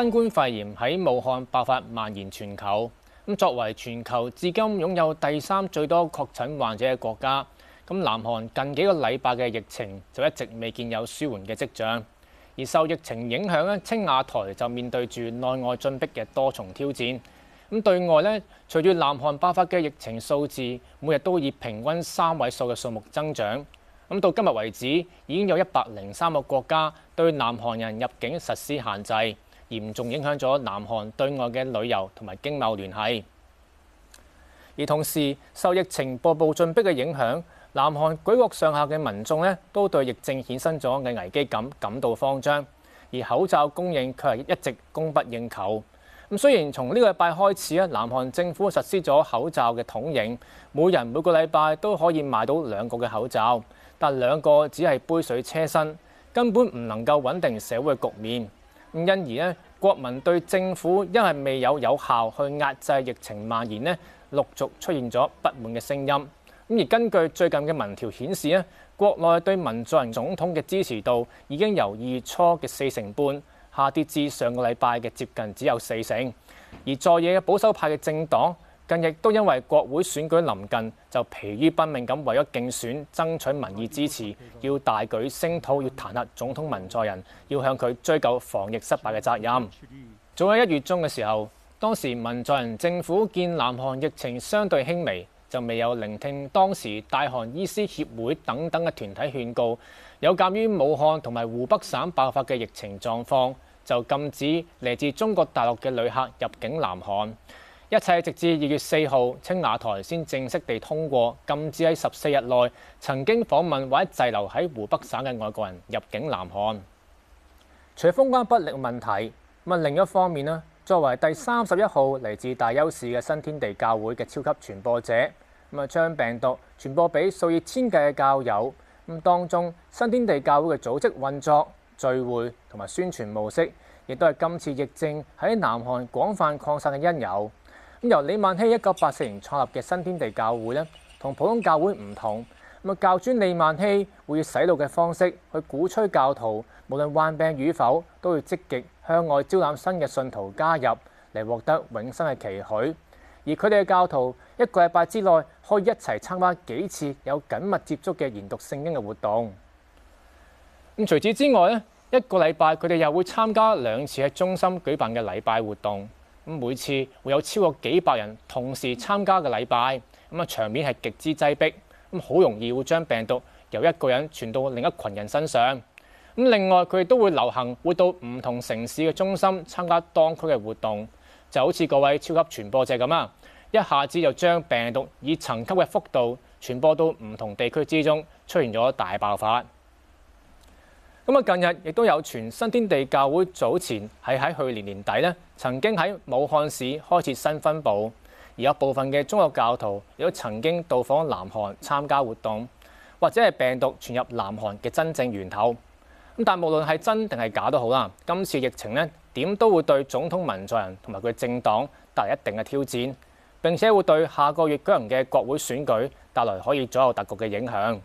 新冠肺炎喺武漢爆發蔓延，全球。咁作為全球至今擁有第三最多確診患者嘅國家，咁南韓近幾個禮拜嘅疫情就一直未見有舒緩嘅跡象。而受疫情影響咧，青瓦台就面對住內外進逼嘅多重挑戰，咁對外咧，隨住南韓爆發嘅疫情數字，每日都以平均三位數嘅數目增長，咁到今日為止，已經有一百零三個國家對南韓人入境實施限制。嚴重影響咗南韓對外嘅旅遊同埋經貿聯繫，而同時受疫情步步進逼嘅影響，南韓舉國上下嘅民眾咧都對疫症衍生咗嘅危機感感到慌張，而口罩供應卻係一直供不應求。咁雖然從呢個禮拜開始咧，南韓政府實施咗口罩嘅統營，每人每個禮拜都可以買到兩個嘅口罩，但兩個只係杯水車薪，根本唔能夠穩定社會嘅局面。咁因而咧。國民對政府因為未有有效去壓制疫情蔓延呢，陸續出現咗不滿嘅聲音。咁而根據最近嘅民調顯示呢，國內對文在寅總統嘅支持度已經由二月初嘅四成半下跌至上個禮拜嘅接近只有四成，而在野嘅保守派嘅政黨。近亦都因為國會選舉臨近，就疲於奔命咁為咗競選爭取民意支持，要大舉聲討，要彈劾總統文在寅，要向佢追究防疫失敗嘅責任。仲喺一月中嘅時候，當時文在寅政府見南韓疫情相對輕微，就未有聆聽當時大韓醫師協會等等嘅團體勸告，有鑑於武漢同埋湖北省爆發嘅疫情狀況，就禁止嚟自中國大陸嘅旅客入境南韓。一切直至二月四號，青瓦台先正式地通過禁止喺十四日內曾經訪問或者滯留喺湖北省嘅外國人入境南韓。除咗封關不力問題，咁另一方面咧，作為第三十一號嚟自大邱市嘅新天地教會嘅超級傳播者，咁啊將病毒傳播俾數以千計嘅教友，咁當中新天地教會嘅組織運作、聚會同埋宣傳模式，亦都係今次疫症喺南韓廣泛擴散嘅因由。由李萬熙一九八四年創立嘅新天地教會呢，同普通教會唔同，咁教主李萬熙會以洗腦嘅方式去鼓吹教徒，無論患病與否，都要積極向外招攬新嘅信徒加入，嚟獲得永生嘅期許。而佢哋嘅教徒一個禮拜之內可以一齊參加幾次有緊密接觸嘅研讀聖經嘅活動。咁除此之外呢，一個禮拜佢哋又會參加兩次喺中心舉辦嘅禮拜活動。每次會有超過幾百人同時參加嘅禮拜，咁啊場面係極之擠迫，咁好容易會將病毒由一個人傳到另一群人身上。咁另外佢哋都會流行會到唔同城市嘅中心參加當區嘅活動，就好似各位超級傳播者咁啊，一下子就將病毒以層級嘅幅度傳播到唔同地區之中，出現咗大爆發。咁啊！近日亦都有傳，新天地教會早前係喺去年年底咧，曾經喺武漢市開設新分部，而有部分嘅中國教徒亦都曾經到訪南韓參加活動，或者係病毒傳入南韓嘅真正源頭。咁但無論係真定係假都好啦，今次疫情咧，點都會對總統文在寅同埋佢政黨帶嚟一定嘅挑戰，並且會對下個月舉行嘅國會選舉帶來可以左右大局嘅影響。